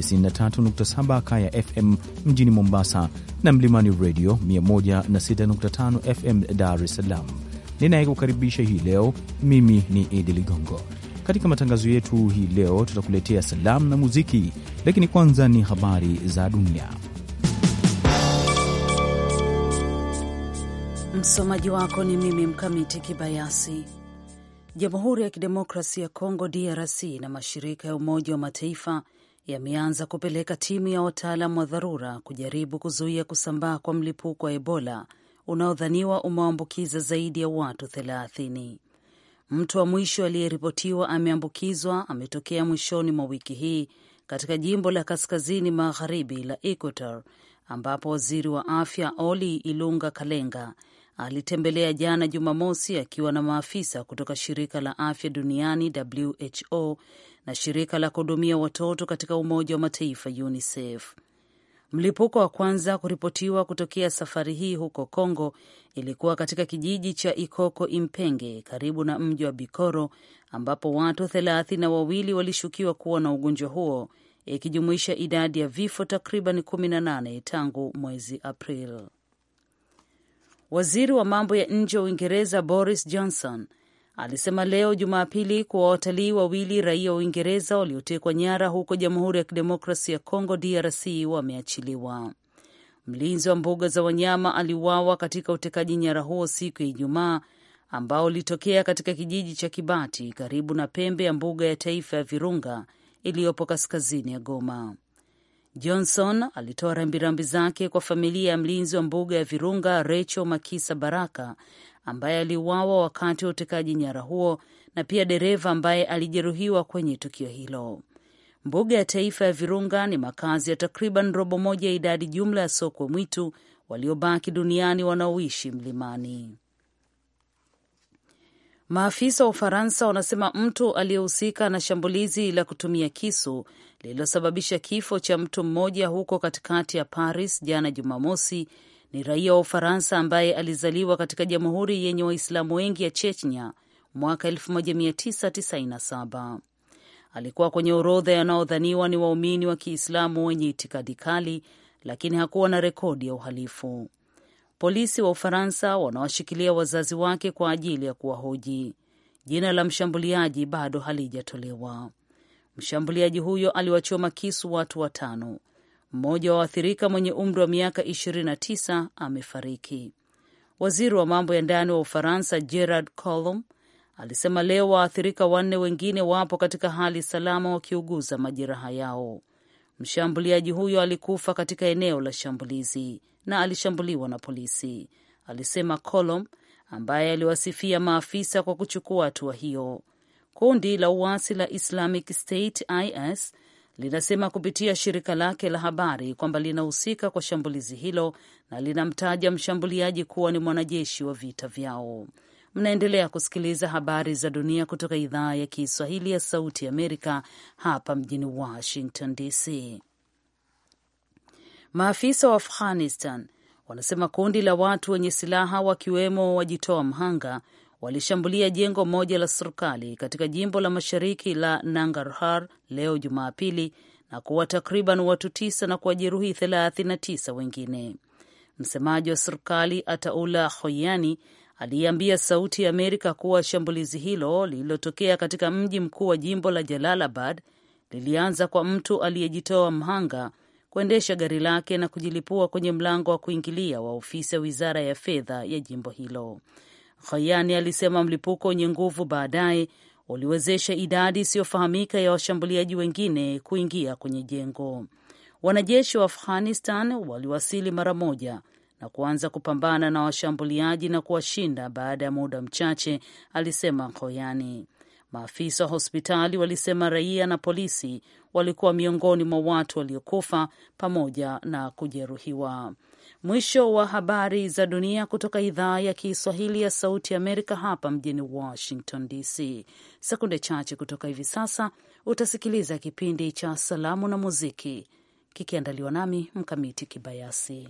93.7 Kaya FM mjini Mombasa na Mlimani Radio 106.5 FM Dar es Salaam. Ninayekukaribisha hii leo mimi ni Idi Ligongo. Katika matangazo yetu hii leo tutakuletea salamu na muziki, lakini kwanza ni habari za dunia. Msomaji wako ni mimi Mkamiti Kibayasi. Jamhuri ya Kidemokrasi ya Kongo, DRC, na mashirika ya Umoja wa Mataifa yameanza kupeleka timu ya wataalam wa dharura kujaribu kuzuia kusambaa kwa mlipuko wa Ebola unaodhaniwa umewaambukiza zaidi ya watu thelathini. Mtu wa mwisho aliyeripotiwa ameambukizwa ametokea mwishoni mwa wiki hii katika jimbo la kaskazini magharibi la Equator ambapo waziri wa afya Oli Ilunga Kalenga alitembelea jana Jumamosi akiwa na maafisa kutoka shirika la afya duniani WHO na shirika la kuhudumia watoto katika Umoja wa Mataifa UNICEF. Mlipuko wa kwanza kuripotiwa kutokea safari hii huko Kongo ilikuwa katika kijiji cha Ikoko Impenge karibu na mji wa Bikoro ambapo watu thelathini na wawili walishukiwa kuwa na ugonjwa huo ikijumuisha idadi ya vifo takriban nane tangu mwezi Aprili. Waziri wa mambo ya nje wa Uingereza Boris Johnson alisema leo Jumapili kuwa watalii wawili raia wa Uingereza waliotekwa nyara huko Jamhuri ya kidemokrasi ya congo DRC wameachiliwa. Mlinzi wa mbuga za wanyama aliuawa katika utekaji nyara huo siku ya Ijumaa ambao ulitokea katika kijiji cha Kibati karibu na pembe ya mbuga ya taifa ya Virunga iliyopo kaskazini ya Goma. Johnson alitoa rambirambi zake kwa familia ya mlinzi wa mbuga ya Virunga Rachel Makisa Baraka ambaye aliuawa wakati wa utekaji nyara huo na pia dereva ambaye alijeruhiwa kwenye tukio hilo. Mbuga ya taifa ya Virunga ni makazi ya takriban robo moja ya idadi jumla ya sokwe mwitu waliobaki duniani wanaoishi mlimani. Maafisa wa Ufaransa wanasema mtu aliyehusika na shambulizi la kutumia kisu lililosababisha kifo cha mtu mmoja huko katikati ya Paris jana Jumamosi ni raia wa Ufaransa ambaye alizaliwa katika jamhuri yenye Waislamu wengi ya Chechnya mwaka 1997. Alikuwa kwenye orodha yanaodhaniwa ni waumini wa Kiislamu wenye itikadi kali, lakini hakuwa na rekodi ya uhalifu polisi wa Ufaransa wanawashikilia wazazi wake kwa ajili ya kuwahoji. Jina la mshambuliaji bado halijatolewa. Mshambuliaji huyo aliwachoma kisu watu watano. Mmoja wa waathirika mwenye umri wa miaka 29 amefariki. Waziri wa mambo ya ndani wa Ufaransa Gerard Colom alisema leo waathirika wanne wengine wapo katika hali salama wakiuguza majeraha yao. Mshambuliaji huyo alikufa katika eneo la shambulizi na alishambuliwa na polisi, alisema Colom, ambaye aliwasifia maafisa kwa kuchukua hatua hiyo. Kundi la uasi la Islamic State IS linasema kupitia shirika lake la habari kwamba linahusika kwa shambulizi hilo na linamtaja mshambuliaji kuwa ni mwanajeshi wa vita vyao. Mnaendelea kusikiliza habari za dunia kutoka idhaa ya Kiswahili ya Sauti Amerika hapa mjini Washington DC. Maafisa wa Afghanistan wanasema kundi la watu wenye silaha wakiwemo wajitoa mhanga walishambulia jengo moja la serikali katika jimbo la mashariki la Nangarhar leo Jumapili na kuwa takriban watu tisa na kuwajeruhi 39 wengine. Msemaji wa serikali Ataula Hoyani aliyeambia Sauti ya Amerika kuwa shambulizi hilo lililotokea katika mji mkuu wa jimbo la Jalalabad lilianza kwa mtu aliyejitoa mhanga kuendesha gari lake na kujilipua kwenye mlango wa kuingilia wa ofisi ya wizara ya fedha ya jimbo hilo. Khayani alisema mlipuko wenye nguvu baadaye uliwezesha idadi isiyofahamika ya washambuliaji wengine kuingia kwenye jengo. Wanajeshi wa Afghanistan waliwasili mara moja na kuanza kupambana na washambuliaji na kuwashinda baada ya muda mchache, alisema Khoyani. Maafisa wa hospitali walisema raia na polisi walikuwa miongoni mwa watu waliokufa pamoja na kujeruhiwa. Mwisho wa habari za dunia kutoka idhaa ya Kiswahili ya Sauti Amerika hapa mjini Washington DC. Sekunde chache kutoka hivi sasa utasikiliza kipindi cha Salamu na Muziki kikiandaliwa nami Mkamiti Kibayasi.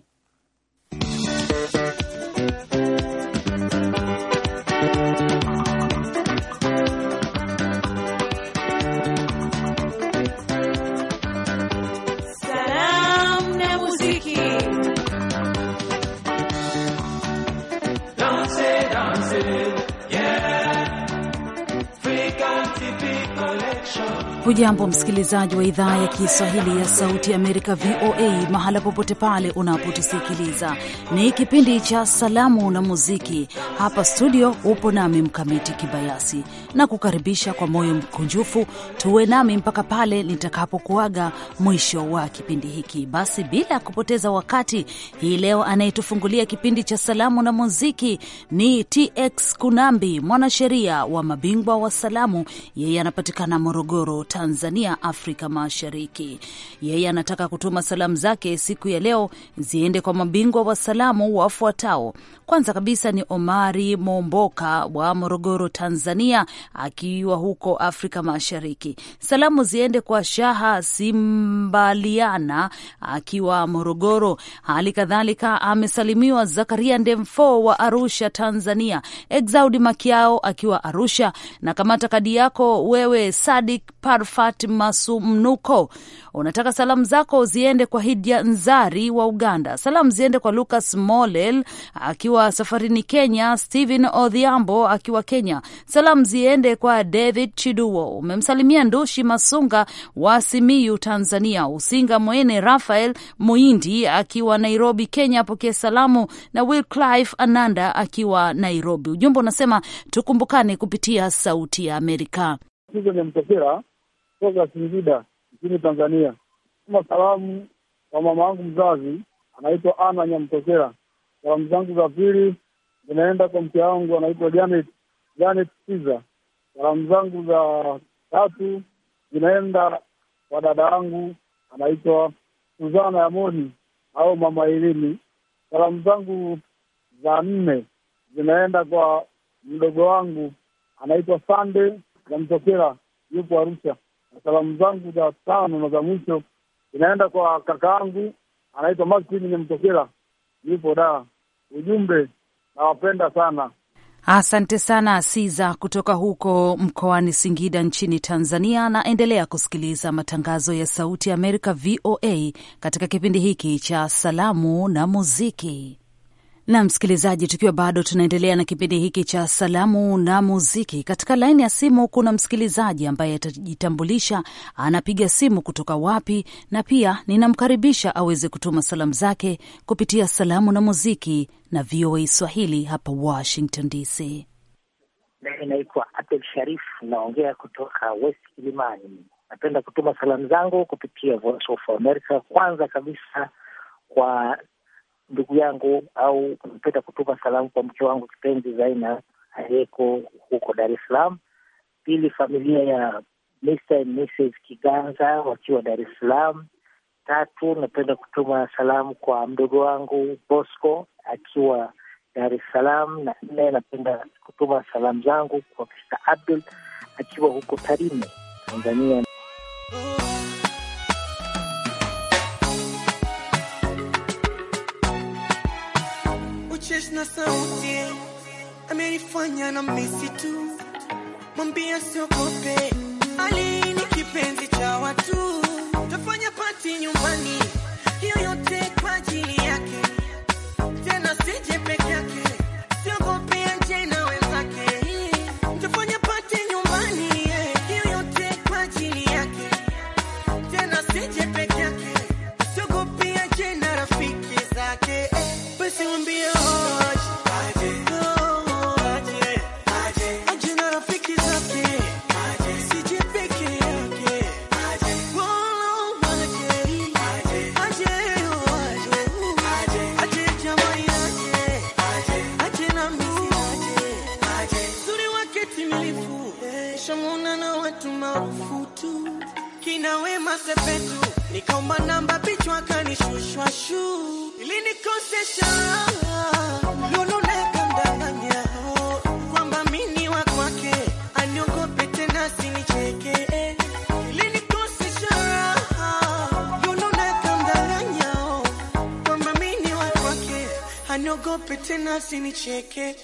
Hujambo msikilizaji wa idhaa ya Kiswahili ya Sauti ya Amerika, VOA, mahala popote pale unapotusikiliza. Ni kipindi cha Salamu na Muziki. Hapa studio upo nami Mkamiti Kibayasi na kukaribisha kwa moyo mkunjufu, tuwe nami mpaka pale nitakapokuaga mwisho wa kipindi hiki. Basi bila ya kupoteza wakati, hii leo anayetufungulia kipindi cha Salamu na Muziki ni TX Kunambi, mwanasheria wa mabingwa wa salamu. Yeye anapatikana Morogoro, Tanzania, Afrika Mashariki. Yeye anataka kutuma salamu zake siku ya leo ziende kwa mabingwa wa salamu wafuatao: kwanza kabisa ni Omari Momboka wa Morogoro, Tanzania, akiwa huko Afrika Mashariki. Salamu ziende kwa Shaha Simbaliana akiwa Morogoro. Hali kadhalika amesalimiwa Zakaria Ndemfo wa Arusha, Tanzania, Exaudi Makiao akiwa Arusha na kamata kadi yako wewe, Sadik Parfat Masumnuko. Unataka salamu zako ziende kwa Hidya Nzari wa Uganda. Salamu ziende kwa Lucas Molel akiwa akiwa safarini Kenya, Stephen Odhiambo akiwa Kenya. Salamu ziende kwa David Chiduo, umemsalimia Ndushi Masunga wa Simiyu, Tanzania. Usinga Mwene Rafael Muindi akiwa Nairobi, Kenya, apokee salamu na Will Clive Ananda akiwa Nairobi. Ujumbe unasema tukumbukane kupitia Sauti ya Amerika. Hizo ni Singida nchini Tanzania, tuma salamu kwa mama wangu mzazi anaitwa Ana nyamtokea salamu zangu za pili zinaenda kwa mke wangu anaitwa Janet, Janet Siza. Salamu zangu za tatu zinaenda kwa dada wangu anaitwa Suzana Yamoni au mama Elini. Salamu zangu za nne zinaenda kwa mdogo wangu anaitwa Sande namtokela yupo Arusha. Na salamu zangu za tano na za mwisho zinaenda kwa kakaangu anaitwa Martin namtokela yupo da. Ujumbe, nawapenda sana. Asante sana Siza kutoka huko mkoani Singida nchini Tanzania. Naendelea kusikiliza matangazo ya Sauti ya Amerika VOA katika kipindi hiki cha salamu na muziki na msikilizaji, tukiwa bado tunaendelea na kipindi hiki cha salamu na muziki, katika laini ya simu kuna msikilizaji ambaye atajitambulisha anapiga simu kutoka wapi, na pia ninamkaribisha aweze kutuma salamu zake kupitia salamu na muziki na VOA Swahili hapa Washington DC. Mimi naitwa Abdul Sharif, naongea kutoka West Kilimani. Napenda kutuma salamu zangu kupitia Voice of America, kwanza kabisa kwa ndugu yangu au napenda kutuma salamu kwa mke wangu kipenzi Zaina aliyeko huko Dar es Salaam. Pili, familia ya Mr and Mrs Kiganza wakiwa Dar es Salaam. Tatu, napenda kutuma salamu kwa mdogo wangu Bosco akiwa Dar es Salaam. Na nne, napenda kutuma salamu zangu kwa Mr Abdul akiwa huko Tarime, Tanzania. na sauti amenifanya na misi tu, mwambia siogope, Ali ni kipenzi cha watu niogope tena, sinicheke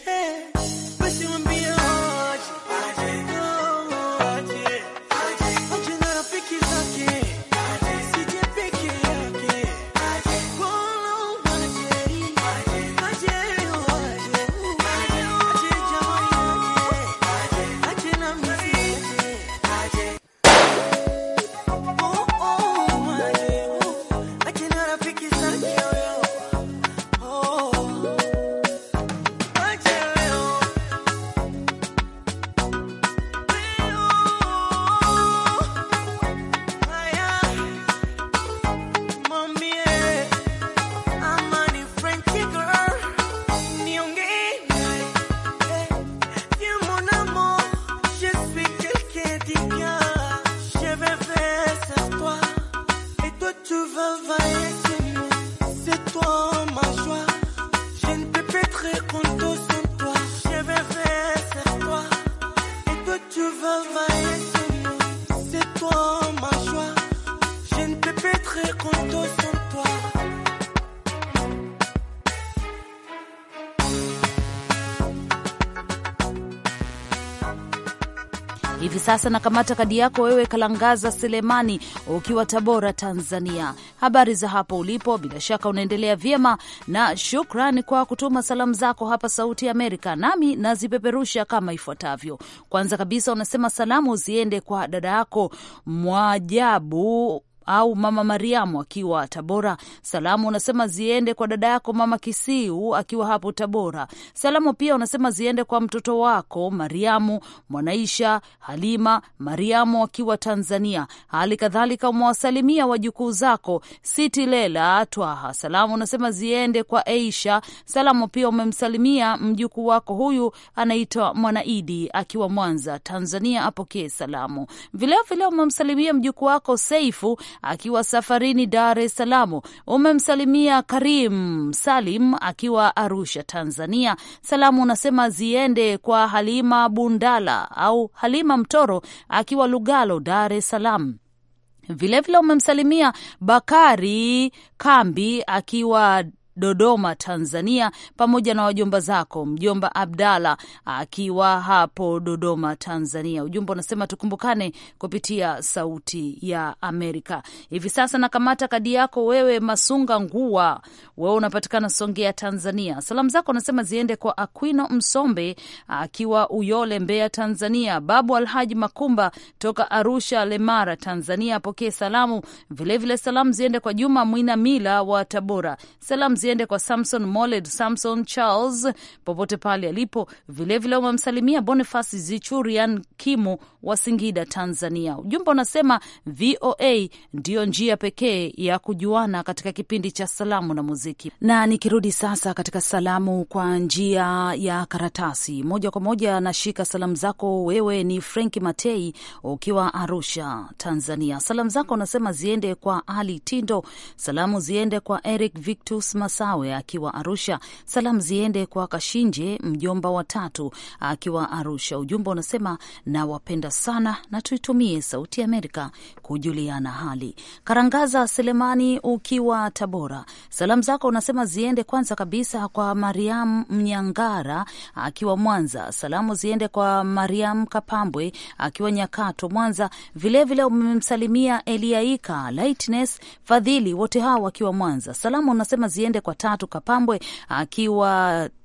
Sasa nakamata kadi yako wewe, Kalangaza Selemani, ukiwa Tabora, Tanzania. Habari za hapo ulipo? Bila shaka unaendelea vyema, na shukran kwa kutuma salamu zako hapa Sauti Amerika, nami nazipeperusha kama ifuatavyo. Kwanza kabisa, unasema salamu ziende kwa dada yako Mwajabu au mama Mariamu akiwa Tabora. Salamu unasema ziende kwa dada yako mama Kisiu akiwa hapo Tabora. Salamu pia unasema ziende kwa mtoto wako Mariamu Mwanaisha Halima Mariamu akiwa Tanzania. Hali kadhalika umewasalimia wajukuu zako Siti Lela Twaha. Salamu unasema ziende kwa Aisha. Salamu pia umemsalimia mjukuu wako huyu anaitwa Mwanaidi akiwa Mwanza Tanzania, apokee salamu vilevile. Umemsalimia mjukuu wako Seifu akiwa safarini Dar es Salaam, umemsalimia Karim Salim akiwa Arusha, Tanzania. Salamu unasema ziende kwa Halima Bundala au Halima Mtoro akiwa Lugalo, Dar es Salaam. Vilevile umemsalimia Bakari Kambi akiwa Dodoma, Tanzania, pamoja na wajomba zako, mjomba Abdala akiwa hapo Dodoma, Tanzania. Ujumbe unasema tukumbukane kupitia Sauti ya Amerika. Hivi sasa nakamata kadi yako wewe, Masunga Ngua, wewe unapatikana Songea, Tanzania. Salamu zako unasema ziende kwa Aquino Msombe akiwa Uyole, Mbeya, Tanzania. Babu Alhaji Makumba toka Arusha, Lemara, Tanzania, apokee salamu vilevile. Salamu ziende kwa Juma Mwinamila wa Tabora. Salamu ziende kwa Samson Moled, Samson Charles popote pale alipo. Vilevile wamemsalimia Bonifasi Zichurian Kimu wa Singida, Tanzania. Ujumbe unasema VOA ndiyo njia pekee ya kujuana katika kipindi cha salamu na muziki. Na nikirudi sasa katika salamu kwa njia ya karatasi, moja kwa moja nashika salamu zako wewe, ni frank Matei ukiwa Arusha, Tanzania. Salamu zako unasema ziende kwa Ali Tindo, salamu ziende kwa Eric Victus Mas Masawe akiwa Arusha. Salamu ziende kwa Kashinje, mjomba wa tatu akiwa Arusha. Ujumbe unasema nawapenda sana na tuitumie Sauti ya Amerika kujuliana hali. Karangaza Selemani ukiwa Tabora, salamu zako unasema ziende kwanza kabisa kwa Mariam Mnyangara akiwa Mwanza. Salamu ziende kwa Mariam Kapambwe akiwa Nyakato, Mwanza. Vilevile umemsalimia Eliaika Lightness Fadhili, wote hao wakiwa Mwanza. Salamu unasema ziende kwa tatu Kapambwe akiwa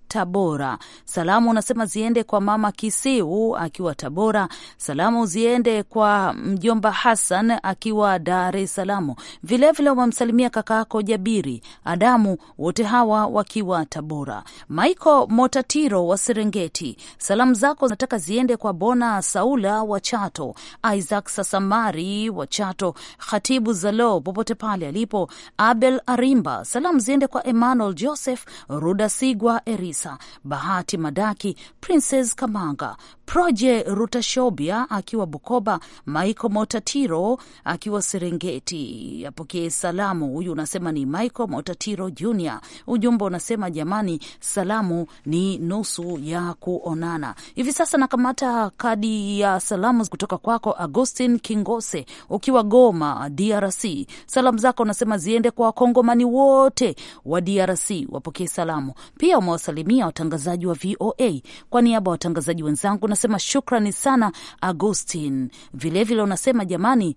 Tabora. Salamu unasema ziende kwa mama Kisiu akiwa Tabora. Salamu ziende kwa mjomba Hassan akiwa Dar es Salaam. Vilevile wamemsalimia kaka yako Jabiri Adamu, wote hawa wakiwa Tabora. Maiko Motatiro wa Serengeti, salamu zako nataka ziende kwa Bona Saula wa Chato, Isaac Sasamari wa Chato, Khatibu Zalo popote pale alipo, Abel Arimba. Salamu ziende kwa Emmanuel Joseph Ruda Sigwa Eris Hamisa, Bahati Madaki, Princess Kamanga, Proje Rutashobia akiwa Bukoba, Michael Motatiro akiwa Serengeti apokee salamu. Huyu unasema ni mico Motatiro Junior. Ujumbe unasema jamani, salamu ni nusu ya kuonana. Hivi sasa nakamata kadi ya salamu kutoka kwako Agustin Kingose ukiwa Goma, DRC. Salamu zako unasema ziende kwa wakongomani wote wa DRC, wapokee salamu pia. Umewasalimia kuwasalimia watangazaji wa VOA. Kwa niaba ya watangazaji wenzangu nasema shukrani sana Agustin. Vilevile unasema jamani,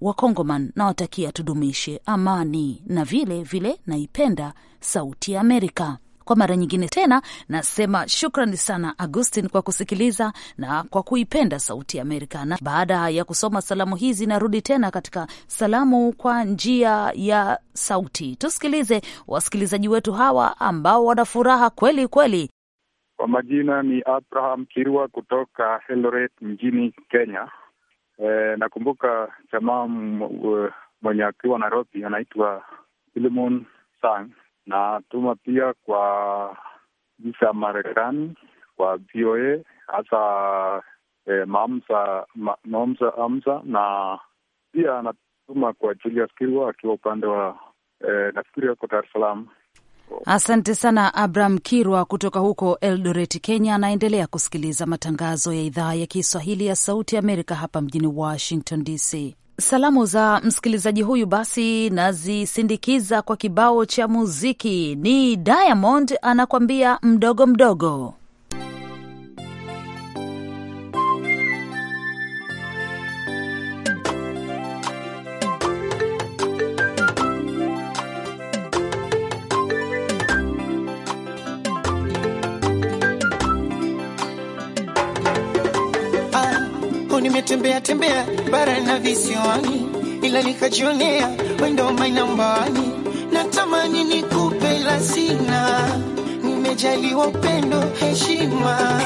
Wakongoman nawatakia tudumishe amani na vile vile naipenda Sauti ya Amerika. Kwa mara nyingine tena nasema shukrani sana Agustin kwa kusikiliza na kwa kuipenda Sauti ya Amerika. Na baada ya kusoma salamu hizi, narudi tena katika salamu kwa njia ya sauti. Tusikilize wasikilizaji wetu hawa ambao wana furaha kweli kweli. Kwa majina ni Abraham Kirwa kutoka Eldoret mjini Kenya. E, nakumbuka jamaa mwenye akiwa Nairobi anaitwa Filimon Sang na tuma pia kwa visa ya Marekani kwa VOA hasa eh, maamsa ma, amsa na pia anatuma kwa Julius Kirwa akiwa upande wa eh, nafikiri yako Dar es Salaam. Asante sana Abraham Kirwa kutoka huko Eldoret, Kenya. Anaendelea kusikiliza matangazo ya idhaa ya Kiswahili ya Sauti ya Amerika hapa mjini Washington DC. Salamu za msikilizaji huyu basi nazisindikiza kwa kibao cha muziki. Ni Diamond anakwambia mdogo mdogo. tembea tembea bara na visiwani, ila nikajionea wendo mainambani. Natamani nikupe la sina, nimejaliwa upendo, heshima,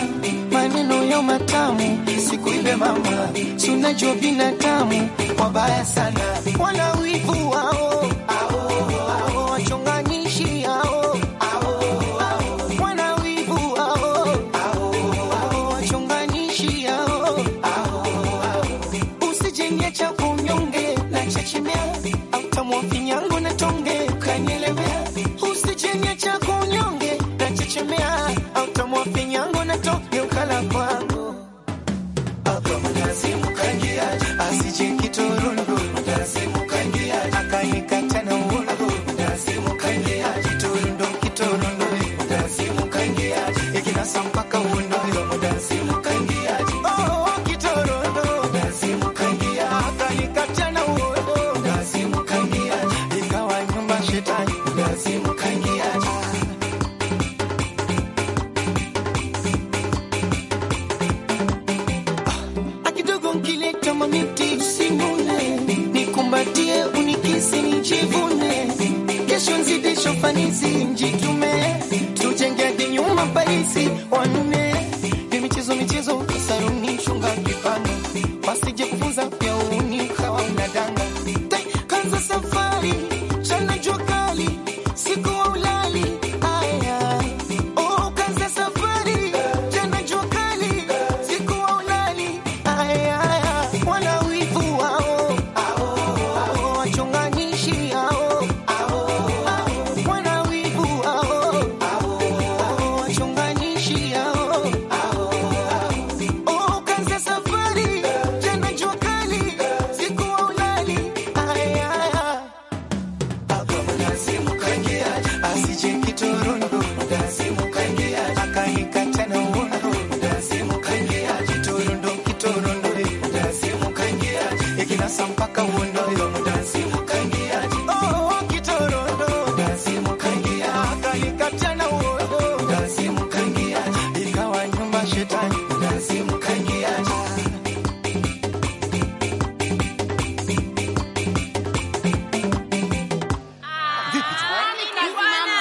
maneno ya matamu, sikuibe mama, sunajua binadamu wabaya sana, wana wivu wao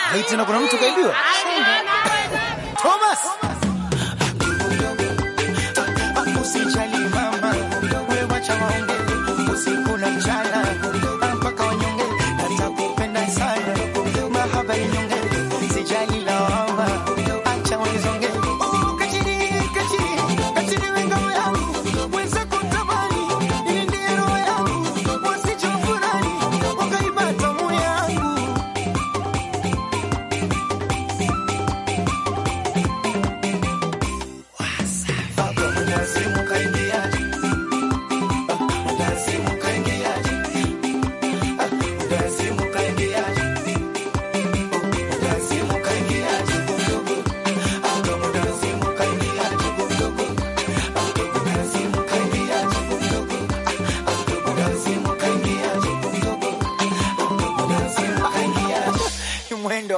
Haiti na kuna mtu kaibiwa Thomas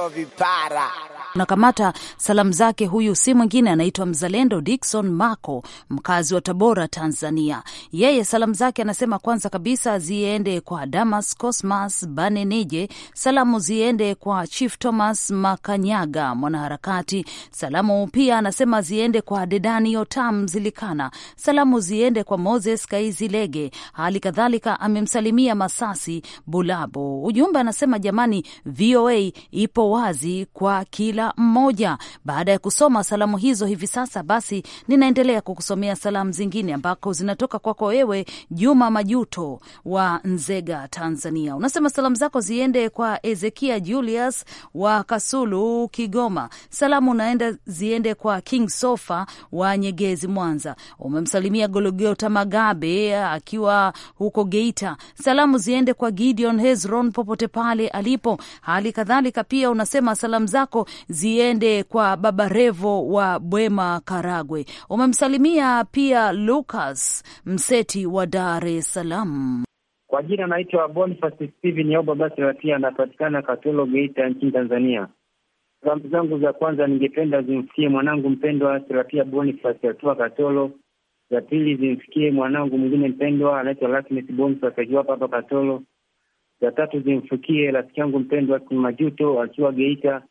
jovem, para. unakamata salamu zake. Huyu si mwingine anaitwa Mzalendo Dikson Mako, mkazi wa Tabora, Tanzania. Yeye salamu zake anasema kwanza kabisa ziende kwa Damas Cosmas Baneneje, salamu ziende kwa Chief Thomas Makanyaga, mwanaharakati. Salamu pia anasema ziende kwa Dedani Otam Zilikana, salamu ziende kwa Moses Kaizilege, hali kadhalika amemsalimia Masasi Bulabo. Ujumbe anasema jamani, VOA ipo wazi kwa kila kila mmoja. Baada ya kusoma salamu hizo hivi sasa, basi ninaendelea kukusomea salamu zingine ambako zinatoka kwako wewe, Juma Majuto wa Nzega, Tanzania. Unasema salamu zako ziende kwa Ezekia Julius wa Kasulu, Kigoma. Salamu unaenda ziende kwa King Sofa wa Nyegezi, Mwanza. Umemsalimia Gologota Magabe akiwa huko Geita. Salamu ziende kwa Gideon Hezron popote pale alipo. Hali kadhalika pia unasema salamu zako ziende kwa Baba Revo wa Bwema, Karagwe. Umemsalimia pia Lucas Mseti wa Dar es Salaam. Kwa jina anaitwa Bonifasi Steven Yoba, basi watia anapatikana Katolo, Geita nchini Tanzania. Salamu zangu za kwanza ningependa zimfikie mwanangu mpendwa Serapia Bonifasi atua Katolo. Za pili zimfikie mwanangu mwingine mpendwa anaitwa Lasmes Bonifasi akiwa hapa Katolo. Za tatu zimfikie rafiki yangu mpendwa Majuto akiwa Geita.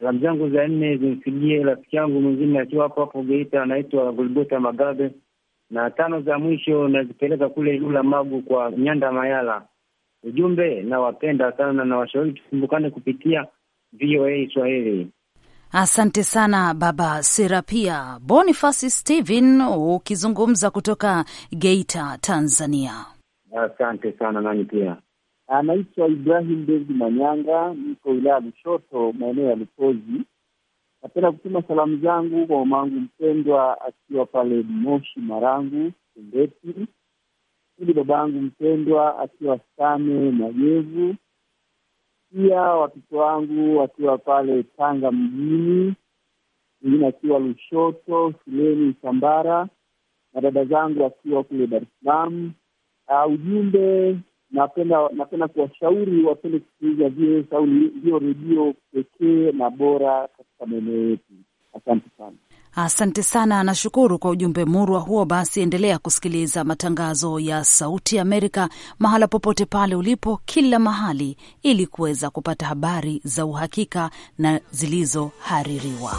Salamu zangu za nne zimfikie rafiki yangu mwingine akiwa hapo hapo Geita, anaitwa Gulbota Magabe, na tano za mwisho nazipeleka kule Ilula Magu kwa Nyanda Mayala. Ujumbe, nawapenda sana na washauri tukumbukane kupitia VOA Swahili. Asante sana Baba Serapia Bonifasi Steven, ukizungumza kutoka Geita, Tanzania. Asante sana nani pia Anaitwa Ibrahim David Manyanga, niko wilaya ya Lushoto, maeneo ya Lukozi. Napenda kutuma salamu zangu kwa mamangu mpendwa akiwa pale Moshi Marangu Tembeti, ili babangu mpendwa akiwa Same Majevu, pia watoto wangu wakiwa pale Tanga mjini, wengine akiwa Lushoto shuleni Sambara, na dada zangu akiwa kule Dar es Salaam. Uh, ujumbe napenda napenda kuwashauri wapende kusikiliza VOS au ndio redio pekee na bora katika maeneo yetu. Asante sana. Asante sana, nashukuru kwa ujumbe murwa huo. Basi endelea kusikiliza matangazo ya Sauti Amerika mahala popote pale ulipo, kila mahali, ili kuweza kupata habari za uhakika na zilizohaririwa.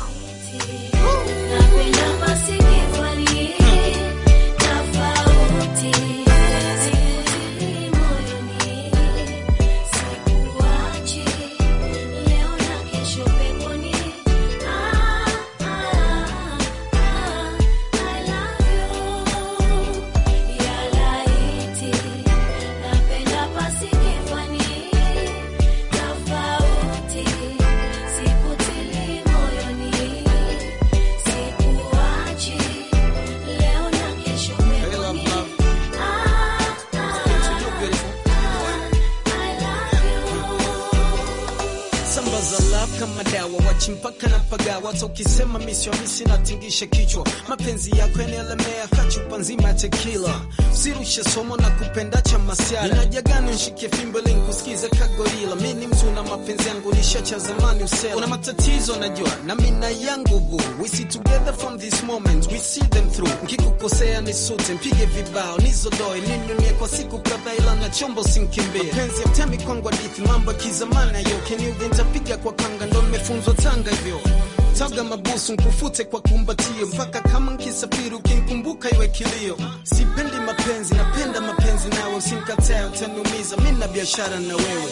Wagawa wachimpaka na pagawa hata ukisema misi natingisha kichwa mapenzi yako yanaelemea kachupa nzima ya tekila usirushe somo na kupenda cha masiara inajagani nshike fimbo lenye kusikiza kagorila mi ni mtu na mapenzi yangu nisha cha zamani usela una matatizo najua na mina yangu bu we see together from this moment we see them through nkikukosea sute mpige vibao nizodoe ninunie kwa siku kadhaa ila na chombo sinkimbie mapenzi yatemi kwangu hadithi mambo ya kizamani ayo vinta ntapiga kwa kanga ndo mefunzo tanga hivyo taga mabusu nkufute kwa kumbatio, mpaka kama nkisafiri ukinkumbuka iwe kilio. Sipendi mapenzi, napenda mapenzi nawe, usimkatae utaniumiza, mina biashara na wewe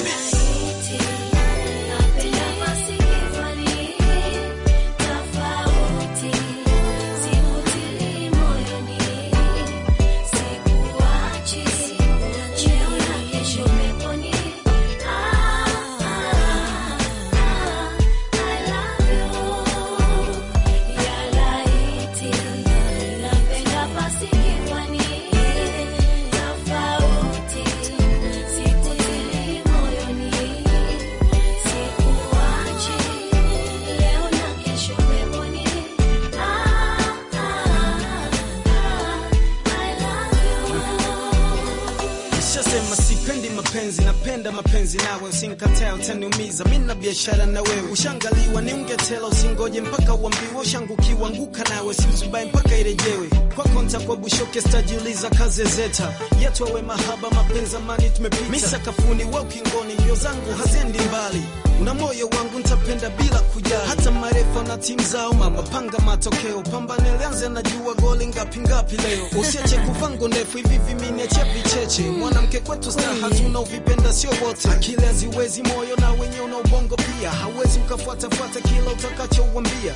napenda mapenzi nawe, usinikataa utaniumiza, mi na biashara na wewe, ushangaliwa ni ungetela, usingoje mpaka uambiwe, ushangukiwa anguka nawe, siuzubai mpaka irejewe kwako, ntakuwa bushoke, stajiuliza kazi zeta yetu awe mahaba mapenzi amani tumepita, mi sakafuni wa ukingoni, mbio zangu haziendi mbali na moyo wangu nitapenda bila kuja hata marefa na timu zao mama, panga matokeo, pambane lianze, najua goli ngapi ngapi leo, usiache kuvango ndefu hivi viminiache vicheche, mwanamke kwetu hatuna tunaovipenda sio wote, akili haziwezi moyo na wenye una ubongo pia, hauwezi ukafuatafuata kila utakachouambia,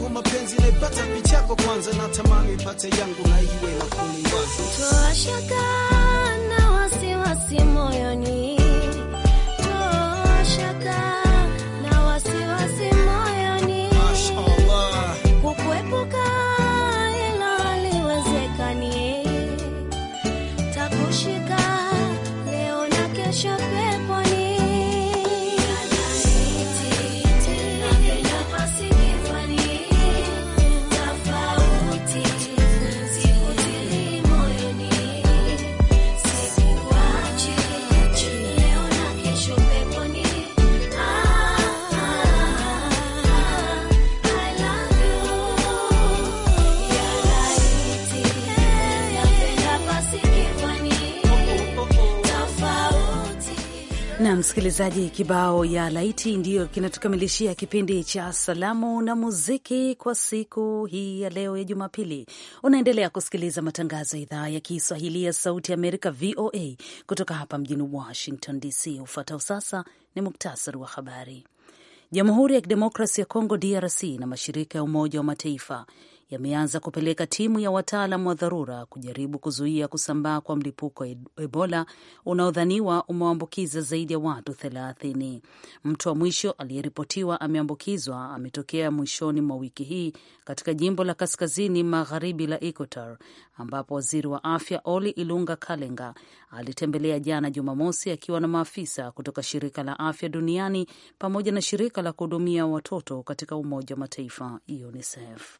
kwa mapenzi naipata picha yako kwanza, tamani ipate yangu na iwe wakuliwazi toa shaka na wasiwasi moyoni msikilizaji, kibao ya laiti ndiyo kinatukamilishia kipindi cha salamu na muziki kwa siku hii ya leo ya Jumapili. Unaendelea kusikiliza matangazo ya idhaa ya Kiswahili ya Sauti Amerika, VOA, kutoka hapa mjini Washington DC. Ufuatao sasa ni muktasari wa habari. Jamhuri ya Kidemokrasi ya Kongo, DRC, na mashirika ya Umoja wa Mataifa yameanza kupeleka timu ya wataalam wa dharura kujaribu kuzuia kusambaa kwa mlipuko wa Ebola unaodhaniwa umewaambukiza zaidi ya watu thelathini. Mtu wa mwisho aliyeripotiwa ameambukizwa ametokea mwishoni mwa wiki hii katika jimbo la kaskazini magharibi la Equator, ambapo waziri wa afya Oli Ilunga Kalenga alitembelea jana Jumamosi akiwa na maafisa kutoka shirika la afya duniani pamoja na shirika la kuhudumia watoto katika Umoja wa Mataifa, UNICEF.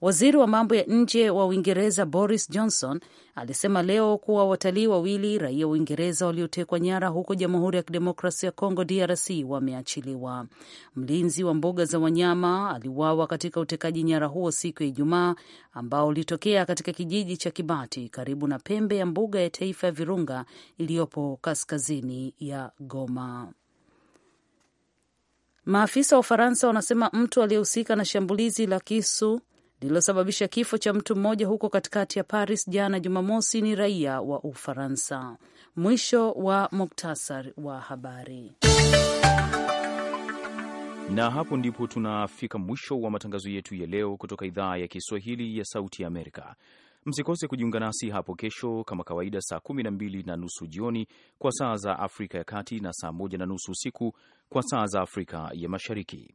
Waziri wa mambo ya nje wa Uingereza Boris Johnson alisema leo kuwa watalii wawili raia wa Uingereza waliotekwa nyara huko Jamhuri ya Kidemokrasia ya Kongo DRC wameachiliwa. Mlinzi wa mbuga za wanyama aliuawa katika utekaji nyara huo siku ya Ijumaa ambao ulitokea katika kijiji cha Kibati karibu na pembe ya mbuga ya taifa ya Virunga iliyopo kaskazini ya Goma. Maafisa wa Ufaransa wanasema mtu aliyehusika na shambulizi la kisu lililosababisha kifo cha mtu mmoja huko katikati ya Paris jana Jumamosi ni raia wa Ufaransa. Mwisho wa muktasar wa habari. Na hapo ndipo tunafika mwisho wa matangazo yetu ya leo kutoka idhaa ya Kiswahili ya Sauti ya Amerika. Msikose kujiunga nasi hapo kesho kama kawaida, saa kumi na mbili na nusu jioni kwa saa za Afrika ya Kati na saa moja na nusu usiku kwa saa za Afrika ya Mashariki.